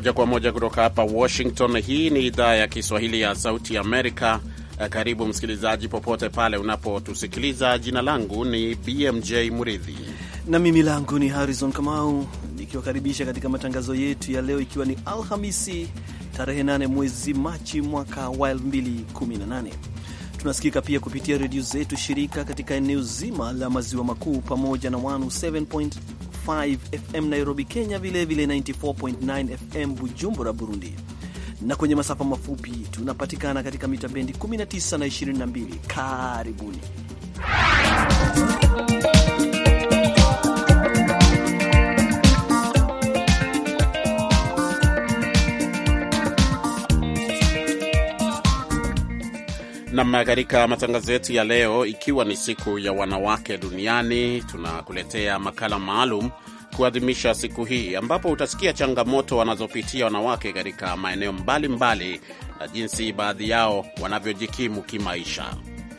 moja kwa moja kutoka hapa Washington. Hii ni idhaa ya Kiswahili ya Sauti Amerika. Eh, karibu msikilizaji, popote pale unapotusikiliza. Jina langu ni BMJ Muridhi na mimi langu ni Harrison Kamau, nikiwakaribisha katika matangazo yetu ya leo, ikiwa ni Alhamisi tarehe 8 mwezi Machi mwaka wa 2018. Tunasikika pia kupitia redio zetu shirika katika eneo zima la maziwa makuu pamoja na 107.5 FM Nairobi, Kenya, vilevile 94.9 FM Bujumbura, Burundi, na kwenye masafa mafupi tunapatikana katika mita bendi 19 na 22. Karibuni Nam, katika matangazo yetu ya leo, ikiwa ni siku ya wanawake duniani, tunakuletea makala maalum kuadhimisha siku hii, ambapo utasikia changamoto wanazopitia wanawake katika maeneo mbalimbali na jinsi baadhi yao wanavyojikimu kimaisha.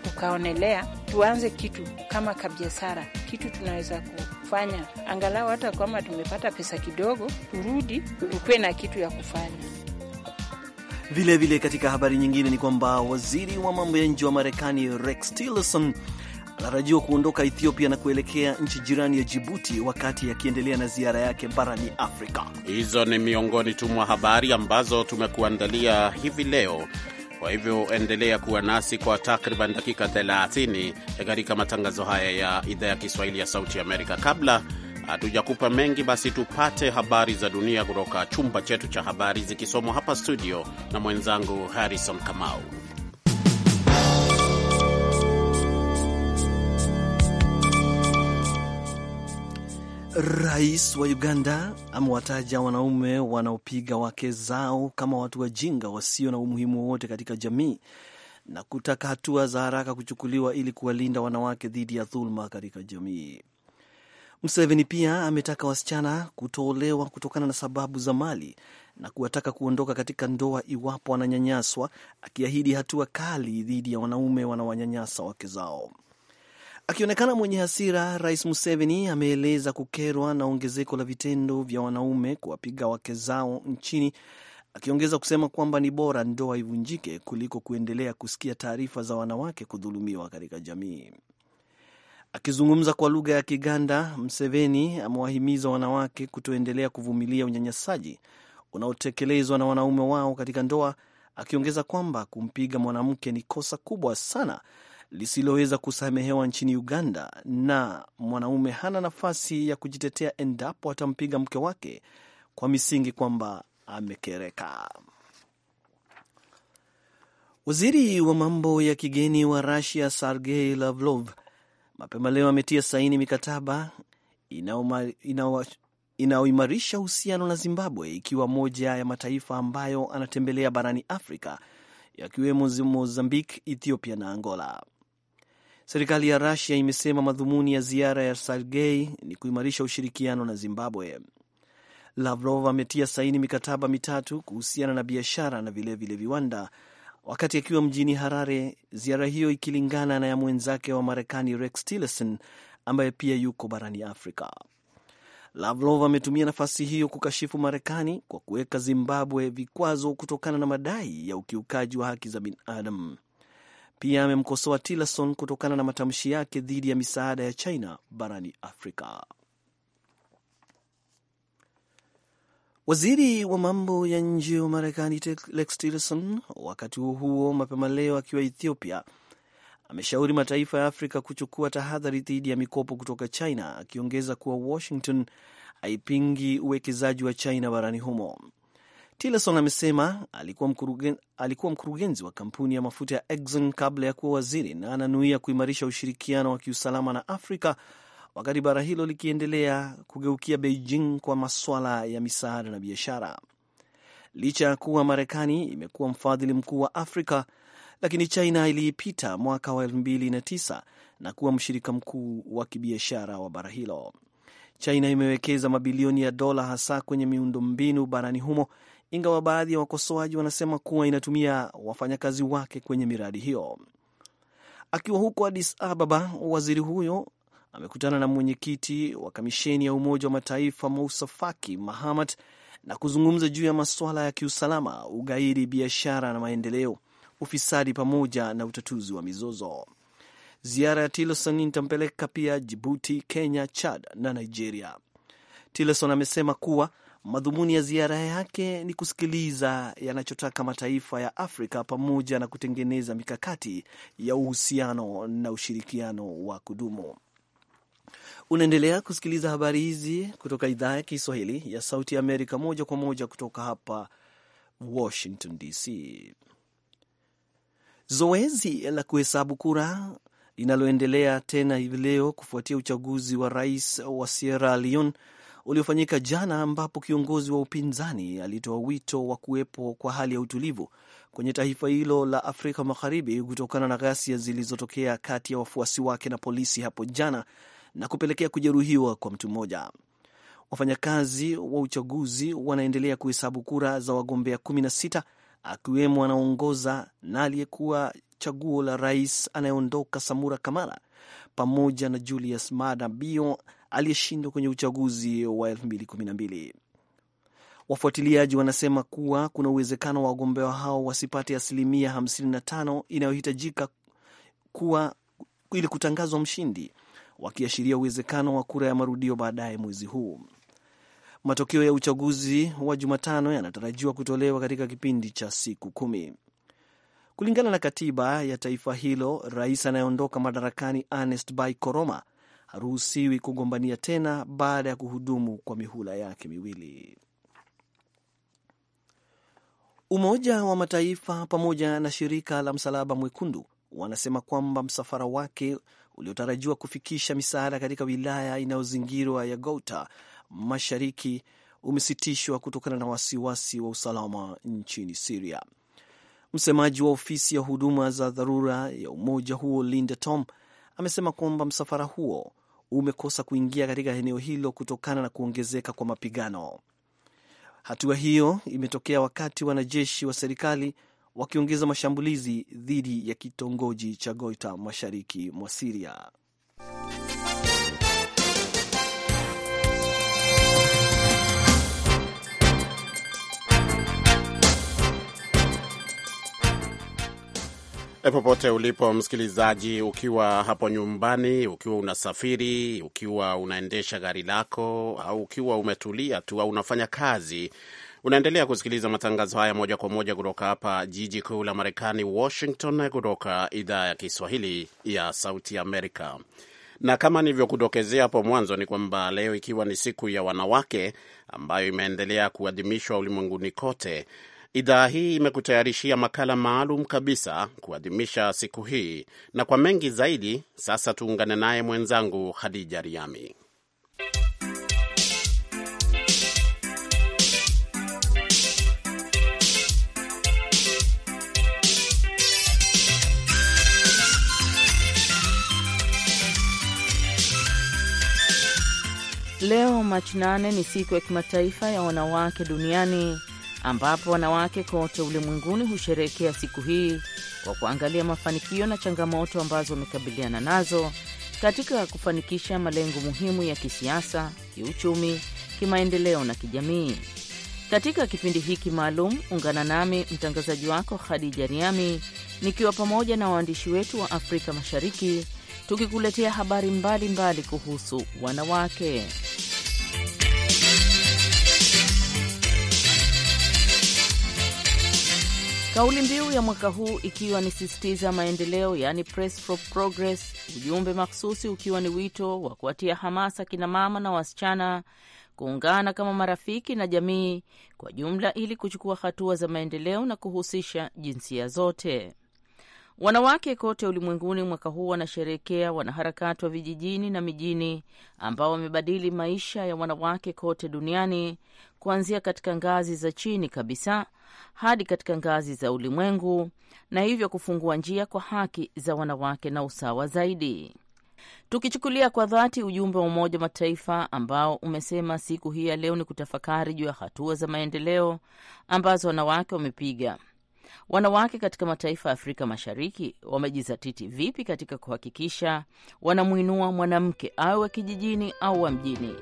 Tukaonelea tuanze kitu kama kabiashara, kitu tunaweza kufanya angalau hata kwama tumepata pesa kidogo, turudi tukuwe na kitu ya kufanya. Vilevile vile katika habari nyingine ni kwamba waziri wa mambo ya nje wa Marekani Rex Tillerson anatarajiwa kuondoka Ethiopia na kuelekea nchi jirani ya Jibuti wakati akiendelea na ziara yake barani Afrika. Hizo ni miongoni tu mwa habari ambazo tumekuandalia hivi leo. Kwa hivyo endelea kuwa nasi kwa takriban dakika 30 katika matangazo haya ya idhaa ya Kiswahili ya Sauti Amerika kabla hatujakupa mengi, basi tupate habari za dunia kutoka chumba chetu cha habari zikisomwa hapa studio na mwenzangu Harrison Kamau. Rais wa Uganda amewataja wanaume wanaopiga wake zao kama watu wajinga wasio na umuhimu wowote katika jamii na kutaka hatua za haraka kuchukuliwa ili kuwalinda wanawake dhidi ya dhuluma katika jamii. Museveni pia ametaka wasichana kutoolewa kutokana na sababu za mali na kuwataka kuondoka katika ndoa iwapo wananyanyaswa, akiahidi hatua kali dhidi ya wanaume wanaowanyanyasa wake zao. Akionekana mwenye hasira, Rais Museveni ameeleza kukerwa na ongezeko la vitendo vya wanaume kuwapiga wake zao nchini, akiongeza kusema kwamba ni bora ndoa ivunjike kuliko kuendelea kusikia taarifa za wanawake kudhulumiwa katika jamii. Akizungumza kwa lugha ya Kiganda, Mseveni amewahimiza wanawake kutoendelea kuvumilia unyanyasaji unaotekelezwa na wanaume wao katika ndoa, akiongeza kwamba kumpiga mwanamke ni kosa kubwa sana lisiloweza kusamehewa nchini Uganda, na mwanaume hana nafasi ya kujitetea endapo atampiga mke wake kwa misingi kwamba amekereka. Waziri wa mambo ya kigeni wa rasia Sergei Lavrov mapema leo ametia saini mikataba inayoimarisha uhusiano na Zimbabwe, ikiwa moja ya mataifa ambayo anatembelea barani Afrika, yakiwemo Mozambique, Ethiopia na Angola. Serikali ya rasia imesema madhumuni ya ziara ya Sergei ni kuimarisha ushirikiano na Zimbabwe. Lavrov ametia saini mikataba mitatu kuhusiana na biashara na vilevile vile viwanda wakati akiwa mjini Harare, ziara hiyo ikilingana na ya mwenzake wa Marekani Rex Tillerson ambaye pia yuko barani Afrika. Lavrov ametumia nafasi hiyo kukashifu Marekani kwa kuweka Zimbabwe vikwazo kutokana na madai ya ukiukaji wa haki za binadamu. Pia amemkosoa Tillerson kutokana na matamshi yake dhidi ya misaada ya China barani Afrika. Waziri wa mambo ya nje wa Marekani Rex Tillerson, wakati huo huo, mapema leo akiwa Ethiopia, ameshauri mataifa ya Afrika kuchukua tahadhari dhidi ya mikopo kutoka China, akiongeza kuwa Washington haipingi uwekezaji wa China barani humo. Tillerson amesema alikuwa mkurugenzi, alikuwa mkurugenzi wa kampuni ya mafuta ya Exxon kabla ya kuwa waziri na ananuia kuimarisha ushirikiano wa kiusalama na Afrika wakati bara hilo likiendelea kugeukia Beijing kwa maswala ya misaada na biashara. Licha ya kuwa Marekani imekuwa mfadhili mkuu wa Afrika, lakini China iliipita mwaka wa 2009 na kuwa mshirika mkuu wa kibiashara wa bara hilo. China imewekeza mabilioni ya dola hasa kwenye miundombinu barani humo, ingawa baadhi ya wakosoaji wanasema kuwa inatumia wafanyakazi wake kwenye miradi hiyo. Akiwa huko Addis Ababa, waziri huyo amekutana na mwenyekiti wa kamisheni ya Umoja wa Mataifa Mousa Faki Mahamat na kuzungumza juu ya masuala ya kiusalama, ugaidi, biashara na maendeleo, ufisadi pamoja na utatuzi wa mizozo. Ziara ya Tillerson itampeleka pia Jibuti, Kenya, Chad na Nigeria. Tillerson amesema kuwa madhumuni ya ziara yake ni kusikiliza yanachotaka mataifa ya Afrika pamoja na kutengeneza mikakati ya uhusiano na ushirikiano wa kudumu. Unaendelea kusikiliza habari hizi kutoka idhaa ya Kiswahili ya Sauti ya Amerika, moja kwa moja kutoka hapa Washington DC. Zoezi la kuhesabu kura linaloendelea tena hivi leo kufuatia uchaguzi wa rais wa Sierra Leone uliofanyika jana, ambapo kiongozi wa upinzani alitoa wito wa kuwepo kwa hali ya utulivu kwenye taifa hilo la Afrika Magharibi kutokana na ghasia zilizotokea kati ya wafuasi wake na polisi hapo jana na kupelekea kujeruhiwa kwa mtu mmoja. Wafanyakazi wa uchaguzi wanaendelea kuhesabu kura za wagombea 16 akiwemo anaongoza na aliyekuwa chaguo la rais anayeondoka Samura Kamara pamoja na Julius Maada Bio aliyeshindwa kwenye uchaguzi wa 2012. Wafuatiliaji wanasema kuwa kuna uwezekano wa wagombea hao wasipate asilimia 55 inayohitajika kuwa ili kutangazwa mshindi wakiashiria uwezekano wa kura ya marudio baadaye mwezi huu. Matokeo ya uchaguzi wa Jumatano yanatarajiwa kutolewa katika kipindi cha siku kumi. Kulingana na katiba ya taifa hilo, rais anayeondoka madarakani Ernest Bai Koroma haruhusiwi kugombania tena baada ya kuhudumu kwa mihula yake miwili. Umoja wa Mataifa pamoja na shirika la Msalaba Mwekundu wanasema kwamba msafara wake uliotarajiwa kufikisha misaada katika wilaya inayozingirwa ya Gouta mashariki umesitishwa kutokana na wasiwasi wa usalama nchini Siria. Msemaji wa ofisi ya huduma za dharura ya umoja huo Linda Tom amesema kwamba msafara huo umekosa kuingia katika eneo hilo kutokana na kuongezeka kwa mapigano. Hatua hiyo imetokea wakati wanajeshi wa serikali wakiongeza mashambulizi dhidi ya kitongoji cha Goita mashariki mwa Siria. E, popote ulipo msikilizaji, ukiwa hapo nyumbani, ukiwa unasafiri, ukiwa unaendesha gari lako, au ukiwa umetulia tu au unafanya kazi Unaendelea kusikiliza matangazo haya moja kwa moja kutoka hapa jiji kuu la Marekani, Washington, kutoka idhaa ya Kiswahili ya Sauti Amerika. Na kama nilivyokudokezea hapo mwanzo, ni kwamba leo ikiwa ni siku ya wanawake ambayo imeendelea kuadhimishwa ulimwenguni kote, idhaa hii imekutayarishia makala maalum kabisa kuadhimisha siku hii, na kwa mengi zaidi, sasa tuungane naye mwenzangu hadija Riami. Leo Machi nane ni siku ya kimataifa ya wanawake duniani, ambapo wanawake kote ulimwenguni husherehekea siku hii kwa kuangalia mafanikio na changamoto ambazo wamekabiliana nazo katika kufanikisha malengo muhimu ya kisiasa, kiuchumi, kimaendeleo na kijamii. Katika kipindi hiki maalum, ungana nami mtangazaji wako Khadija Riami nikiwa pamoja na waandishi wetu wa Afrika Mashariki tukikuletea habari mbalimbali mbali kuhusu wanawake. Kauli mbiu ya mwaka huu ikiwa ni sisitiza maendeleo, yaani press for progress, ujumbe makhususi ukiwa ni wito wa kuwatia hamasa kina mama na wasichana kuungana kama marafiki na jamii kwa jumla ili kuchukua hatua za maendeleo na kuhusisha jinsia zote. Wanawake kote ulimwenguni mwaka huu wanasherehekea wanaharakati wa vijijini na mijini ambao wamebadili maisha ya wanawake kote duniani kuanzia katika ngazi za chini kabisa hadi katika ngazi za ulimwengu na hivyo kufungua njia kwa haki za wanawake na usawa zaidi. Tukichukulia kwa dhati ujumbe wa Umoja wa Mataifa ambao umesema siku hii ya leo ni kutafakari juu ya hatua za maendeleo ambazo wanawake wamepiga wanawake katika mataifa ya Afrika Mashariki wamejizatiti vipi katika kuhakikisha wanamwinua mwanamke awe wa kijijini au wa mjini.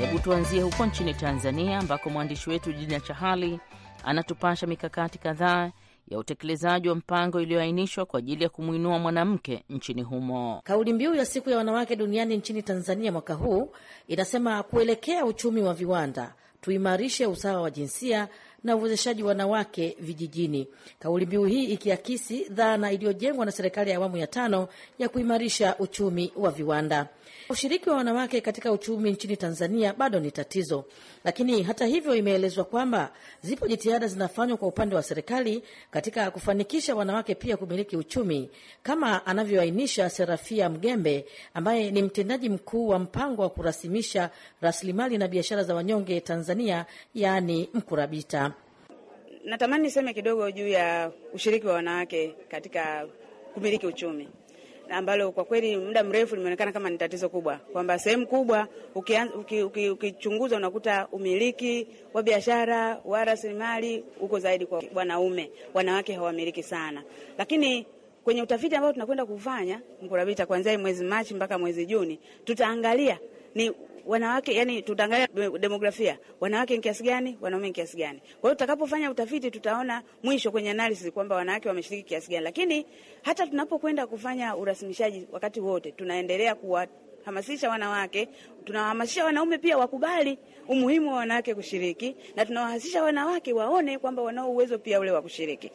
Hebu tuanzie huko nchini Tanzania, ambako mwandishi wetu Jina Chahali anatupasha mikakati kadhaa ya utekelezaji wa mpango iliyoainishwa kwa ajili ya kumwinua mwanamke nchini humo. Kauli mbiu ya siku ya wanawake duniani nchini Tanzania mwaka huu inasema kuelekea uchumi wa viwanda, tuimarishe usawa wa jinsia na uwezeshaji wanawake vijijini. Kauli mbiu hii ikiakisi dhana iliyojengwa na serikali ya awamu ya tano ya kuimarisha uchumi wa viwanda. Ushiriki wa wanawake katika uchumi nchini Tanzania bado ni tatizo, lakini hata hivyo, imeelezwa kwamba zipo jitihada zinafanywa kwa upande wa serikali katika kufanikisha wanawake pia kumiliki uchumi, kama anavyoainisha Serafia Mgembe ambaye ni mtendaji mkuu wa mpango wa kurasimisha rasilimali na biashara za wanyonge Tanzania, yaani Mkurabita. Natamani niseme kidogo juu ya ushiriki wa wanawake katika kumiliki uchumi ambalo kwa kweli muda mrefu limeonekana kama ni tatizo kubwa, kwamba sehemu kubwa ukichunguza uki, uki unakuta umiliki wa biashara wa rasilimali uko zaidi kwa wanaume, wanawake hawamiliki sana. Lakini kwenye utafiti ambao tunakwenda kufanya Mkurabita, kuanzia mwezi Machi mpaka mwezi Juni, tutaangalia ni wanawake, yani tutaangalia demografia, wanawake ni kiasi gani, wanaume ni kiasi gani. Kwa hiyo tutakapofanya utafiti, tutaona mwisho kwenye analysis kwamba wanawake wameshiriki kiasi gani, lakini hata tunapokwenda kufanya urasimishaji, wakati wote tunaendelea kuwa hamasisha wanawake, tunawahamasisha wanaume pia wakubali umuhimu wa wanawake kushiriki, na tunawahamasisha wanawake waone kwamba wanao uwezo pia ule wa kushiriki.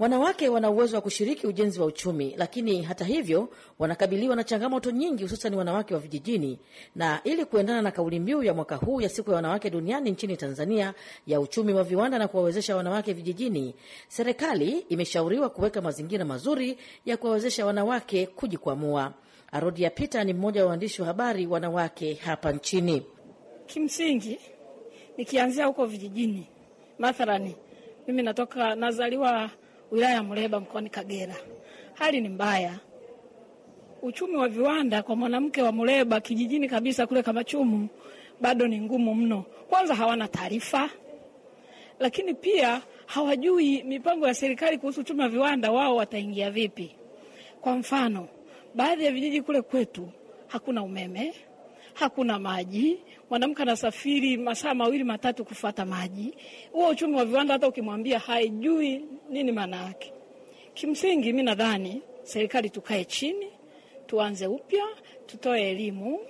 Wanawake wana uwezo wa kushiriki ujenzi wa uchumi, lakini hata hivyo wanakabiliwa na changamoto nyingi, hususan wanawake wa vijijini. Na ili kuendana na kauli mbiu ya mwaka huu ya siku ya wanawake duniani nchini Tanzania ya uchumi wa viwanda na kuwawezesha wanawake vijijini, serikali imeshauriwa kuweka mazingira mazuri ya kuwawezesha wanawake kujikwamua. Arodia Peter ni mmoja wa waandishi wa habari wanawake hapa nchini. Kimsingi nikianzia huko vijijini, mathalani mimi natoka nazaliwa wilaya ya Muleba mkoani Kagera. Hali ni mbaya, uchumi wa viwanda kwa mwanamke wa Muleba kijijini kabisa kule Kamachumu bado ni ngumu mno. Kwanza hawana taarifa, lakini pia hawajui mipango ya serikali kuhusu uchumi wa viwanda, wao wataingia vipi? Kwa mfano, baadhi ya vijiji kule kwetu hakuna umeme, hakuna maji, mwanamke anasafiri masaa mawili matatu kufata maji. Huo uchumi wa viwanda, hata ukimwambia haijui nini maana yake. Kimsingi mi nadhani serikali tukae chini, tuanze upya, tutoe elimu,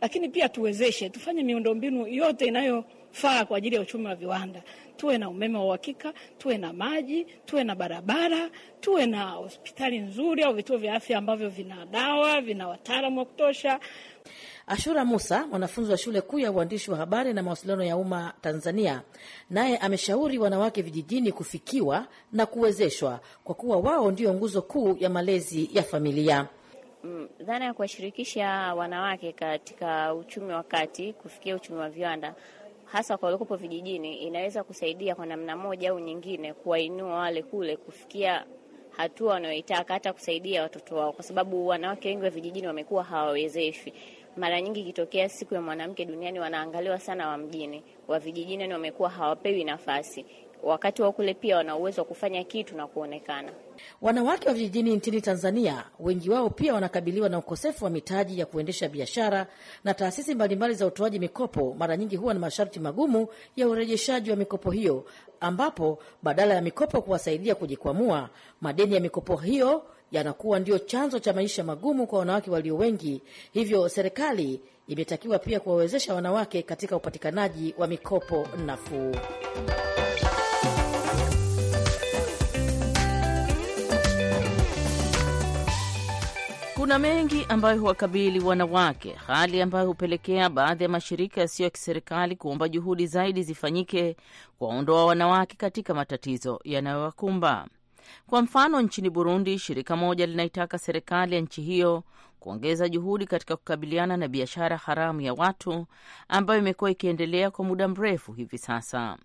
lakini pia tuwezeshe, tufanye miundombinu yote inayofaa kwa ajili ya uchumi wa viwanda tuwe na umeme wa uhakika, tuwe na maji, tuwe na barabara, tuwe na hospitali nzuri au vituo vya afya ambavyo vina dawa, vina wataalamu wa kutosha. Ashura Musa, mwanafunzi wa shule kuu ya uandishi wa habari na mawasiliano ya umma Tanzania, naye ameshauri wanawake vijijini kufikiwa na kuwezeshwa kwa kuwa wao ndio nguzo kuu ya malezi ya familia. Mm, dhana ya kuwashirikisha wanawake katika uchumi wa kati kufikia uchumi wa viwanda hasa kwa walikopo vijijini inaweza kusaidia kwa namna moja au nyingine kuwainua wale kule kufikia hatua wanayoitaka, hata kusaidia watoto wao, kwa sababu wanawake wengi wa vijijini wamekuwa hawawezeshwi. Mara nyingi ikitokea siku ya mwanamke duniani wanaangaliwa sana wa mjini, wa vijijini wamekuwa hawapewi nafasi wakati wa kule pia wana uwezo wa kufanya kitu na kuonekana. Wanawake wa vijijini nchini Tanzania wengi wao pia wanakabiliwa na ukosefu wa mitaji ya kuendesha biashara, na taasisi mbalimbali za utoaji mikopo mara nyingi huwa na masharti magumu ya urejeshaji wa mikopo hiyo, ambapo badala ya mikopo kuwasaidia kujikwamua, madeni ya mikopo hiyo yanakuwa ndio chanzo cha maisha magumu kwa wanawake walio wengi. Hivyo serikali imetakiwa pia kuwawezesha wanawake katika upatikanaji wa mikopo nafuu. Kuna mengi ambayo huwakabili wanawake, hali ambayo hupelekea baadhi ya mashirika yasiyo ya kiserikali kuomba juhudi zaidi zifanyike kuwaondoa wanawake katika matatizo yanayowakumba. Kwa mfano, nchini Burundi, shirika moja linaitaka serikali ya nchi hiyo kuongeza juhudi katika kukabiliana na biashara haramu ya watu ambayo imekuwa ikiendelea kwa muda mrefu hivi sasa.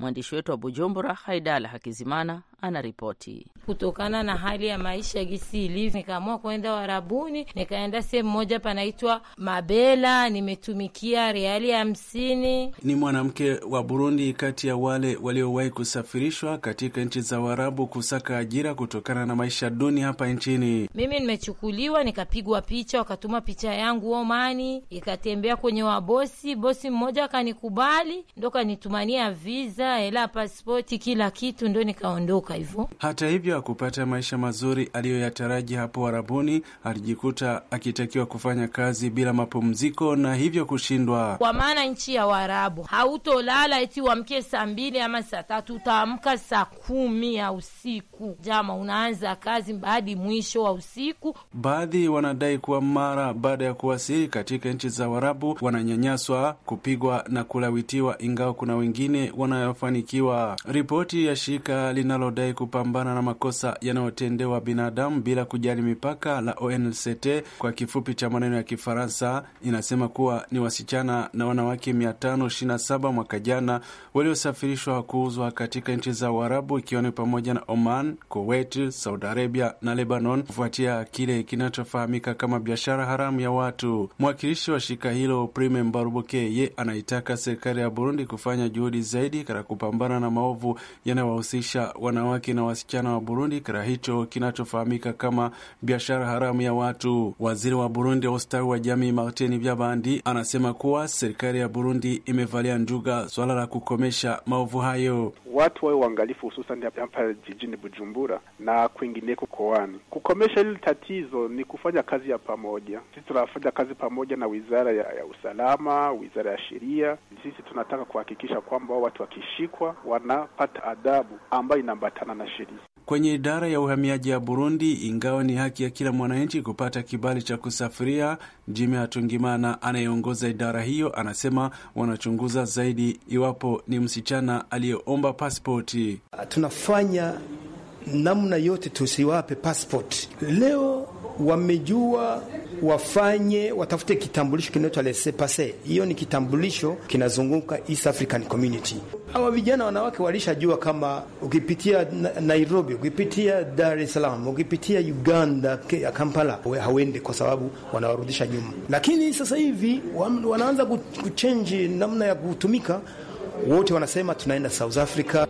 Mwandishi wetu wa Bujumbura, Haidala Hakizimana, anaripoti. Kutokana na hali ya maisha gisi ilivyo, nikaamua kwenda Warabuni. Nikaenda sehemu moja panaitwa Mabela, nimetumikia reali hamsini. Ni mwanamke wa Burundi kati ya wale waliowahi kusafirishwa katika nchi za warabu kusaka ajira kutokana na maisha duni hapa nchini. Mimi nimechukuliwa nikapigwa picha, wakatuma picha yangu Omani, ikatembea kwenye wabosi. Bosi mmoja akanikubali, ndo kanitumania viza kadhaa, hela, pasipoti, kila kitu, ndo nikaondoka hivyo. Hata hivyo akupata maisha mazuri aliyoyataraji hapo Warabuni. Alijikuta akitakiwa kufanya kazi bila mapumziko na hivyo kushindwa, kwa maana nchi ya Waarabu hautolala eti uamke saa mbili ama saa tatu, utaamka saa kumi ya usiku jama, unaanza kazi hadi mwisho wa usiku. Baadhi wanadai kuwa mara baada ya kuwasili katika nchi za Waarabu wananyanyaswa, kupigwa na kulawitiwa, ingawa kuna wengine wanao kufanikiwa. Ripoti ya shirika linalodai kupambana na makosa yanayotendewa binadamu bila kujali mipaka la ONCT kwa kifupi cha maneno ya Kifaransa inasema kuwa ni wasichana na wanawake 527 mwaka jana waliosafirishwa kuuzwa katika nchi za Uarabu ikiwa ni pamoja na Oman, Kuwait, Saudi Arabia na Lebanon kufuatia kile kinachofahamika kama biashara haramu ya watu. Mwakilishi wa shirika hilo Prime Mbarubuke ye anaitaka serikali ya Burundi kufanya juhudi zaidi katika kupambana na maovu yanayowahusisha wanawake na wasichana wa Burundi kira hicho kinachofahamika kama biashara haramu ya watu. Waziri wa Burundi wa ustawi wa jamii Martin Vyabandi anasema kuwa serikali ya Burundi imevalia njuga swala la kukomesha maovu hayo. Watu wawe uangalifu, hususan hapa jijini Bujumbura na kwingineko koani. Kukomesha hili tatizo ni kufanya kazi ya pamoja. Sisi tunafanya kazi pamoja na wizara ya, ya usalama, wizara ya sheria. Sisi tunataka kuhakikisha kwamba watu wakishi wakishikwa wanapata adhabu ambayo inaambatana na sheria. Kwenye idara ya uhamiaji ya Burundi, ingawa ni haki ya kila mwananchi kupata kibali cha kusafiria, Jimi Hatungimana anayeongoza idara hiyo anasema wanachunguza zaidi iwapo ni msichana aliyeomba pasipoti. Tunafanya namna yote tusiwape pasipoti. Leo wamejua wafanye watafute kitambulisho kinaitwa lese Hiyo ni kitambulisho kinazunguka East African Community. Hawa vijana wanawake walishajua kama ukipitia Nairobi, ukipitia Dar es Salaam, ukipitia Uganda ya Kampala hawendi kwa sababu wanawarudisha nyuma. Lakini sasa hivi wanaanza kuchenji namna ya kutumika, wote wanasema tunaenda South Africa.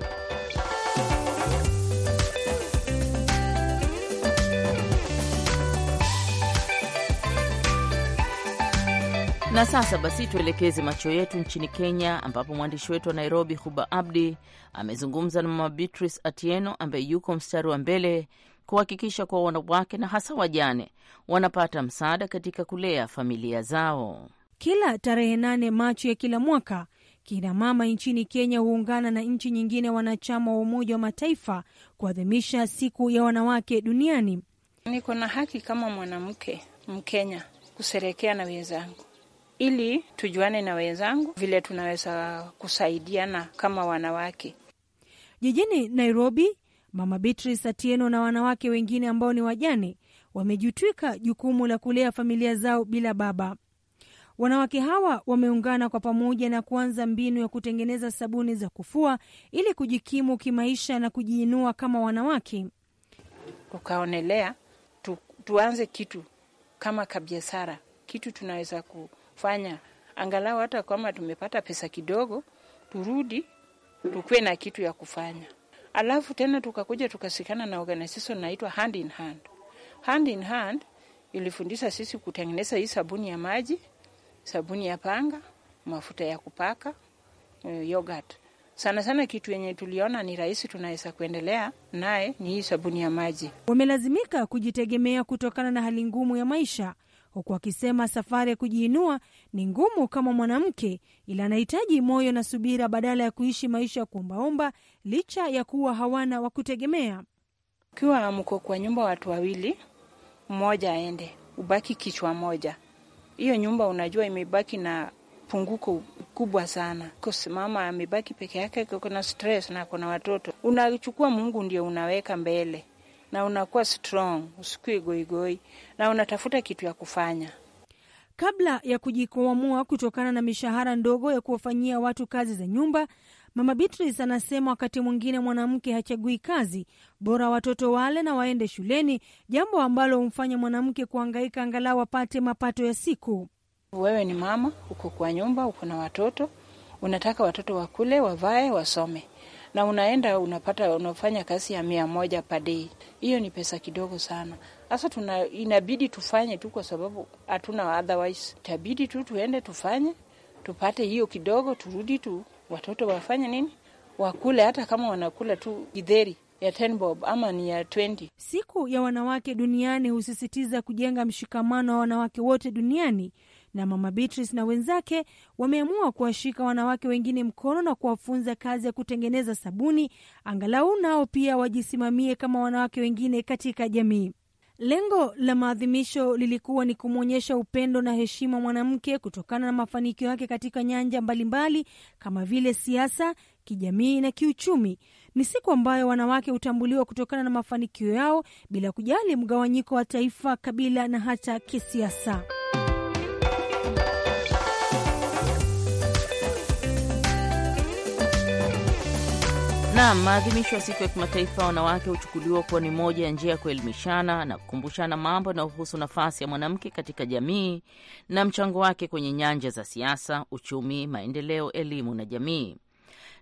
Na sasa basi tuelekeze macho yetu nchini Kenya, ambapo mwandishi wetu wa Nairobi, Huba Abdi, amezungumza na Mama Beatrice Atieno ambaye yuko mstari wa mbele kuhakikisha kuwa wanawake na hasa wajane wanapata msaada katika kulea familia zao. Kila tarehe nane Machi ya kila mwaka kina mama nchini Kenya huungana na nchi nyingine wanachama wa Umoja wa Mataifa kuadhimisha siku ya wanawake duniani. Niko na haki kama mwanamke Mkenya kuserekea na wenzangu ili tujuane na wenzangu vile tunaweza kusaidiana kama wanawake. Jijini Nairobi, Mama Beatrice Atieno na wanawake wengine ambao ni wajane wamejitwika jukumu la kulea familia zao bila baba. Wanawake hawa wameungana kwa pamoja na kuanza mbinu ya kutengeneza sabuni za kufua ili kujikimu kimaisha na kujiinua kama wanawake. Tukaonelea tu, tuanze kitu kama kabiashara, kitu tunaweza ku, kufanya, angalau hata kama tumepata pesa kidogo, turudi tukuwe na kitu ya kufanya. Alafu tena tukakuja tukasikana na organization naitwa Hand in Hand. Hand in Hand ilifundisha sisi kutengeneza hii sabuni ya maji, sabuni ya panga, mafuta ya kupaka, eh, yogurt. Sana sana kitu yenye tuliona ni rahisi tunaweza kuendelea naye ni hii sabuni ya maji. Wamelazimika kujitegemea kutokana na hali ngumu ya maisha huku akisema safari ya kujiinua ni ngumu kama mwanamke, ila anahitaji moyo na subira badala ya kuishi maisha ya kuombaomba, licha ya kuwa hawana wa kutegemea. Ukiwa mko kwa nyumba watu wawili, mmoja aende, ubaki kichwa moja, hiyo nyumba unajua imebaki na punguko kubwa sana. Mama amebaki peke yake, kuna stress na kuna watoto. Unachukua Mungu ndio unaweka mbele na unakuwa strong, usikui goigoi na unatafuta kitu ya kufanya. Kabla ya kujikwamua kutokana na mishahara ndogo ya kuwafanyia watu kazi za nyumba, Mama Beatrice anasema wakati mwingine mwanamke hachagui kazi, bora watoto wale na waende shuleni, jambo ambalo humfanya mwanamke kuangaika angalau apate mapato ya siku. Wewe ni mama, uko kwa nyumba, uko na watoto, unataka watoto wakule, wavae, wasome na unaenda unapata unafanya kazi ya mia moja per day. Hiyo ni pesa kidogo sana. Sasa tuna inabidi tufanye tu, kwa sababu hatuna otherwise, itabidi tu tuende tufanye tupate hiyo kidogo, turudi tu, watoto wafanye nini, wakule, hata kama wanakula tu githeri ya 10 bob ama ni ya 20. Siku ya wanawake duniani husisitiza kujenga mshikamano wa wanawake wote duniani na Mama Beatrice na wenzake wameamua kuwashika wanawake wengine mkono na kuwafunza kazi ya kutengeneza sabuni, angalau nao pia wajisimamie kama wanawake wengine katika jamii. Lengo la maadhimisho lilikuwa ni kumwonyesha upendo na heshima mwanamke kutokana na mafanikio yake katika nyanja mbalimbali mbali, kama vile siasa, kijamii na kiuchumi. Ni siku ambayo wanawake hutambuliwa kutokana na mafanikio yao bila kujali mgawanyiko wa taifa, kabila na hata kisiasa. Naam, maadhimisho ya siku ya kimataifa wanawake huchukuliwa kuwa ni moja ya njia ya kuelimishana na kukumbushana mambo yanayohusu nafasi ya mwanamke katika jamii na mchango wake kwenye nyanja za siasa, uchumi, maendeleo, elimu na jamii.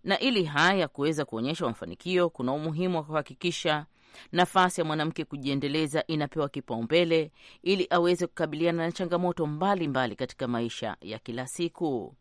Na ili haya kuweza kuonyesha mafanikio, kuna umuhimu wa kuhakikisha nafasi ya mwanamke kujiendeleza inapewa kipaumbele ili aweze kukabiliana na changamoto mbalimbali mbali katika maisha ya kila siku.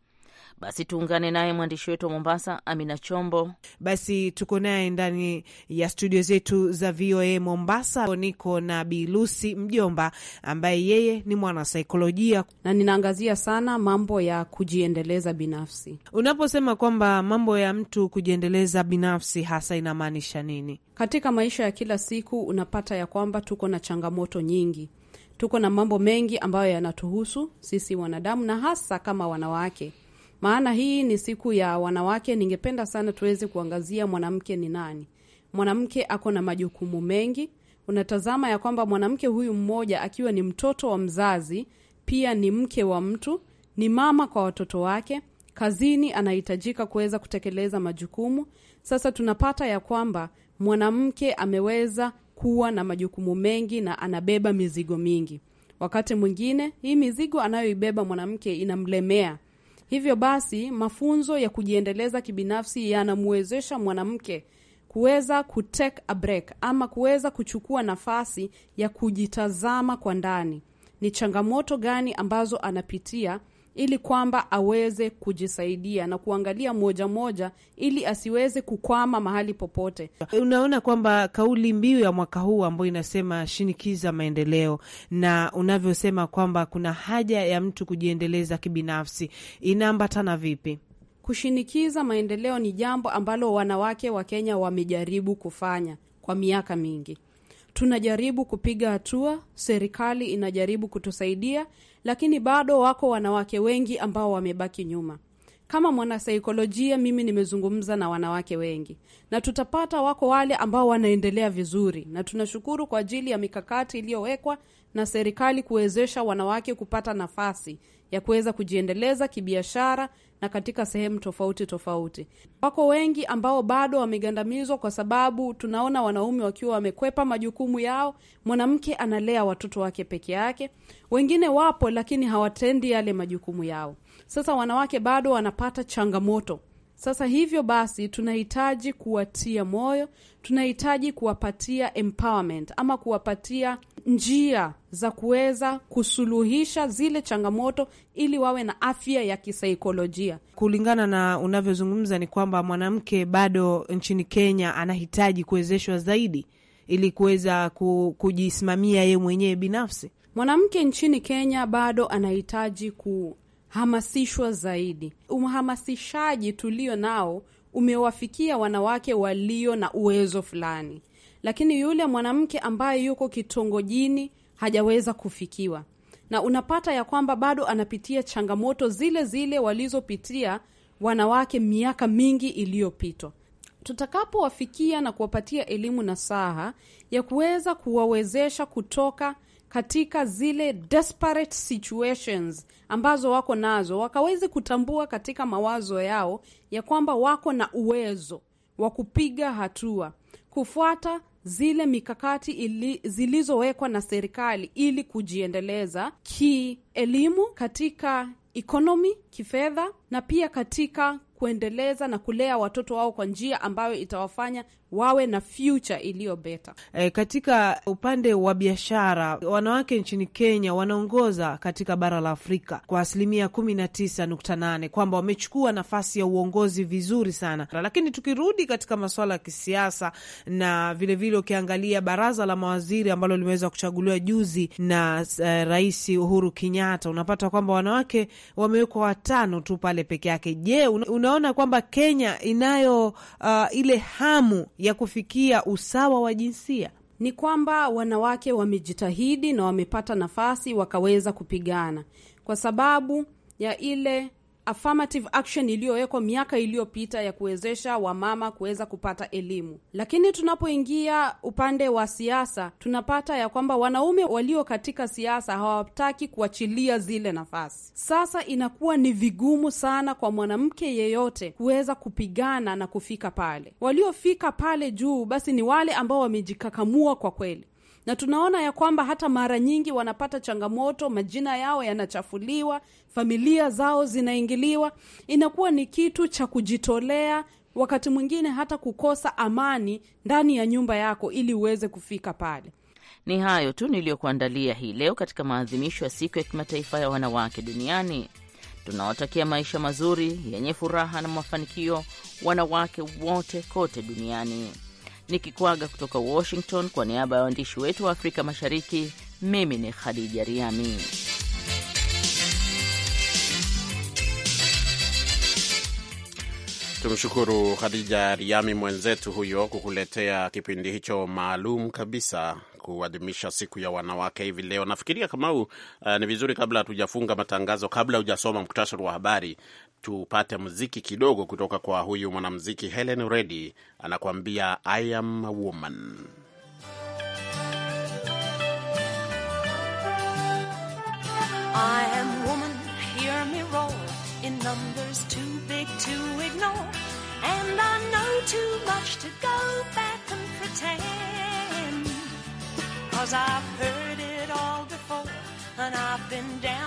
Basi tuungane naye mwandishi wetu wa Mombasa, Amina Chombo. Basi tuko naye ndani ya studio zetu za VOA Mombasa. Niko na Bi Lucy Mjomba, ambaye yeye ni mwanasaikolojia na ninaangazia sana mambo ya kujiendeleza binafsi. Unaposema kwamba mambo ya mtu kujiendeleza binafsi, hasa inamaanisha nini katika maisha ya kila siku? Unapata ya kwamba tuko na changamoto nyingi tuko na mambo mengi ambayo yanatuhusu sisi wanadamu na hasa kama wanawake maana hii ni siku ya wanawake. Ningependa sana tuweze kuangazia mwanamke ni nani. Mwanamke ako na majukumu mengi. Unatazama ya kwamba mwanamke huyu mmoja akiwa ni mtoto wa mzazi, pia ni mke wa mtu, ni mama kwa watoto wake, kazini anahitajika kuweza kutekeleza majukumu. Sasa tunapata ya kwamba mwanamke ameweza kuwa na majukumu mengi na anabeba mizigo mingi. Wakati mwingine hii mizigo anayoibeba mwanamke inamlemea Hivyo basi mafunzo ya kujiendeleza kibinafsi yanamwezesha mwanamke kuweza kutake a break ama kuweza kuchukua nafasi ya kujitazama kwa ndani, ni changamoto gani ambazo anapitia ili kwamba aweze kujisaidia na kuangalia moja moja ili asiweze kukwama mahali popote. Unaona kwamba kauli mbiu ya mwaka huu ambayo inasema shinikiza maendeleo, na unavyosema kwamba kuna haja ya mtu kujiendeleza kibinafsi, inaambatana vipi? Kushinikiza maendeleo ni jambo ambalo wanawake wa Kenya wamejaribu kufanya kwa miaka mingi tunajaribu kupiga hatua, serikali inajaribu kutusaidia, lakini bado wako wanawake wengi ambao wamebaki nyuma. Kama mwanasaikolojia mimi nimezungumza na wanawake wengi, na tutapata wako wale ambao wanaendelea vizuri, na tunashukuru kwa ajili ya mikakati iliyowekwa na serikali kuwezesha wanawake kupata nafasi ya kuweza kujiendeleza kibiashara na katika sehemu tofauti tofauti. Wako wengi ambao bado wamegandamizwa, kwa sababu tunaona wanaume wakiwa wamekwepa majukumu yao, mwanamke analea watoto wake peke yake. Wengine wapo, lakini hawatendi yale majukumu yao. Sasa wanawake bado wanapata changamoto. Sasa hivyo basi, tunahitaji kuwatia moyo, tunahitaji kuwapatia empowerment ama kuwapatia njia za kuweza kusuluhisha zile changamoto ili wawe na afya ya kisaikolojia. Kulingana na unavyozungumza, ni kwamba mwanamke bado nchini Kenya anahitaji kuwezeshwa zaidi ili kuweza kujisimamia yeye mwenyewe binafsi. Mwanamke nchini Kenya bado anahitaji kuhamasishwa zaidi. Uhamasishaji tulio nao umewafikia wanawake walio na uwezo fulani lakini yule mwanamke ambaye yuko kitongojini hajaweza kufikiwa, na unapata ya kwamba bado anapitia changamoto zile zile walizopitia wanawake miaka mingi iliyopita. Tutakapowafikia na kuwapatia elimu na saha ya kuweza kuwawezesha kutoka katika zile desperate situations ambazo wako nazo, wakawezi kutambua katika mawazo yao ya kwamba wako na uwezo wa kupiga hatua, kufuata zile mikakati ili, zilizowekwa na serikali ili kujiendeleza kielimu katika ikonomi, kifedha na pia katika kuendeleza na kulea watoto wao kwa njia ambayo itawafanya wawe na future iliyo beta. E, katika upande wa biashara wanawake nchini Kenya wanaongoza katika bara la Afrika kwa asilimia kumi na tisa nukta nane kwamba wamechukua nafasi ya uongozi vizuri sana, lakini tukirudi katika masuala ya kisiasa na vilevile ukiangalia vile baraza la mawaziri ambalo limeweza kuchaguliwa juzi na uh, Rais Uhuru Kenyatta, unapata kwamba wanawake wamewekwa watano tu pale peke yake. Je, una tunaona kwamba Kenya inayo uh, ile hamu ya kufikia usawa wa jinsia ni kwamba wanawake wamejitahidi na wamepata nafasi wakaweza kupigana kwa sababu ya ile affirmative action iliyowekwa miaka iliyopita ya kuwezesha wamama kuweza kupata elimu, lakini tunapoingia upande wa siasa tunapata ya kwamba wanaume walio katika siasa hawataki kuachilia zile nafasi. Sasa inakuwa ni vigumu sana kwa mwanamke yeyote kuweza kupigana na kufika pale. Waliofika pale juu basi ni wale ambao wamejikakamua kwa kweli na tunaona ya kwamba hata mara nyingi wanapata changamoto, majina yao yanachafuliwa, familia zao zinaingiliwa. Inakuwa ni kitu cha kujitolea, wakati mwingine hata kukosa amani ndani ya nyumba yako ili uweze kufika pale. Ni hayo tu niliyokuandalia hii leo katika maadhimisho ya siku ya kimataifa ya wanawake duniani. Tunawatakia maisha mazuri yenye furaha na mafanikio wanawake wote kote duniani nikikwaga kutoka Washington kwa niaba ya waandishi wetu wa Afrika Mashariki. Mimi ni Khadija Riami. Tumshukuru Khadija Riami mwenzetu huyo kukuletea kipindi hicho maalum kabisa kuadhimisha siku ya wanawake hivi leo. Nafikiria Kamau, uh, ni vizuri kabla hatujafunga matangazo, kabla hujasoma muktasari wa habari, tupate muziki kidogo kutoka kwa huyu mwanamuziki Helen Reddy anakuambia I am a woman. I am woman, hear me in numbers too big to ignore, and I know too much to go back and pretend, cause I've heard it all before, and I've been down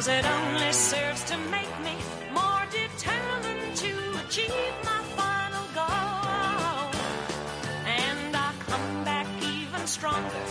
Cause it only serves to make me more determined to achieve my final goal. And I come back even stronger.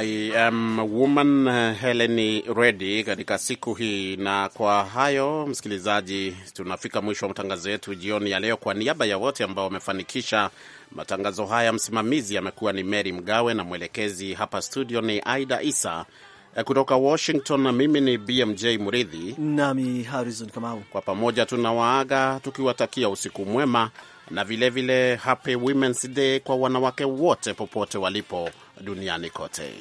I am woman uh, Helen Reddy katika siku hii. Na kwa hayo, msikilizaji, tunafika mwisho wa matangazo yetu jioni ya leo. Kwa niaba ya wote ambao wamefanikisha matangazo haya, msimamizi amekuwa ni Mary Mgawe na mwelekezi hapa studio ni Aida Isa. Eh, kutoka Washington na mimi ni BMJ Muridhi nami Harrison Kamau, kwa pamoja tunawaaga tukiwatakia usiku mwema na vilevile vile happy Women's Day kwa wanawake wote popote walipo duniani kote.